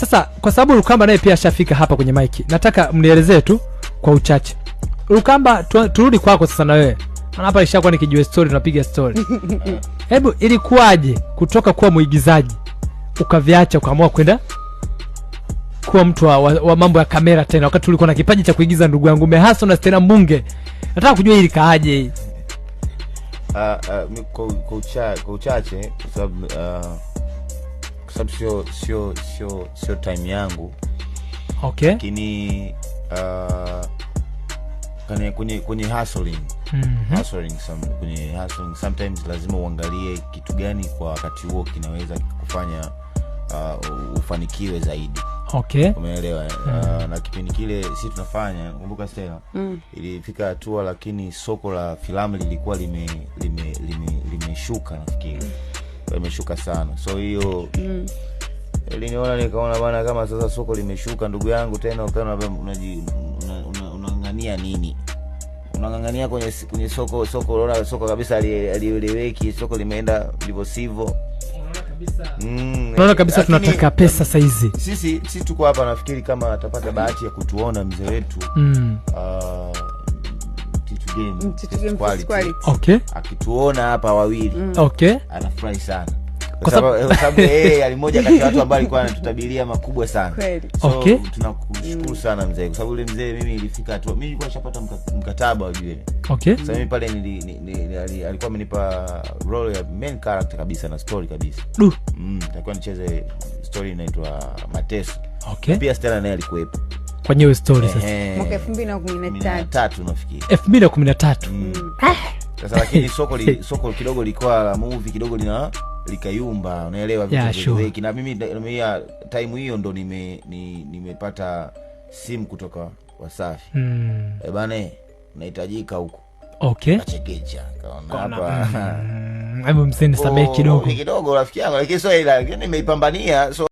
Sasa kwa sababu rukamba naye pia ashafika hapa kwenye maiki, nataka mnielezee tu kwa uchache. Lukamba, turudi kwako sasa na wewe. Hapa ishakuwa nikijua story, tunapiga story. Hebu ilikuwaje kutoka kuwa mwigizaji ukaviacha ukaamua kwenda kuwa mtu wa, wa, wa mambo ya kamera tena, wakati ulikuwa na kipaji cha kuigiza, ndugu yangu Mehaso na Stella Mbunge? Nataka kujua hii kaaje hii. Uh, uh, kwa uchache kwa sababu uh, kwa sababu sio sio sio sio time yangu okay. Lakini uh, kwenye kwenye hustling mm -hmm. hustling some, kwenye hustling sometimes lazima uangalie kitu gani kwa wakati huo kinaweza kufanya uh, ufanikiwe zaidi okay. umeelewa mm. hmm uh, mm-hmm. na kipindi kile si tunafanya kumbuka Stella mm. ilifika hatua lakini soko la filamu lilikuwa lime limeshuka lime, lime nafikiri mm hmm imeshuka sana, so hiyo mm. Liniona nikaona bana, kama sasa soko limeshuka, ndugu yangu, tena unang'ang'ania nini? Unang'ang'ania kwenye kwenye soko soko unaona soko kabisa alieleweki, soko limeenda ndivyo sivyo. Mm, unaona kabisa tunataka pesa saizi. Sisi sisi tuko hapa, nafikiri kama atapata bahati ya kutuona mzee wetu mm. uh, akituona hapa wawili mm. anafurahi sana kwa sababu yeye alimoja kati ya watu ambao alikuwa anatutabiria makubwa sana so okay. tunakushukuru mm. sana mzee kwa sababu ule mzee mimi ilifika hatua mimi nilikuwa nishapata mkataba wa jiwe okay. so mimi pale nili, nili, nili, alikuwa amenipa role ya main character kabisa na story kabisa mm, takiwa nicheze story inaitwa mateso okay. pia stela naye alikuwepo fanyiwe stori eh, sasa eh, mwaka elfu mbili na kumi na tatu elfu mbili na kumi na tatu mm. ah. sasa lakini soko, li, soko kidogo likuwa la muvi kidogo lina likayumba unaelewa vitu yeah, sure. Wiki. na mimi ya time hiyo ndo nime ni, nimepata simu kutoka wasafi mm. E eh, bane nahitajika huko okay. kaona hapa mm. Oh, kidogo kidogo, rafiki yangu, lakini so ila nimeipambania so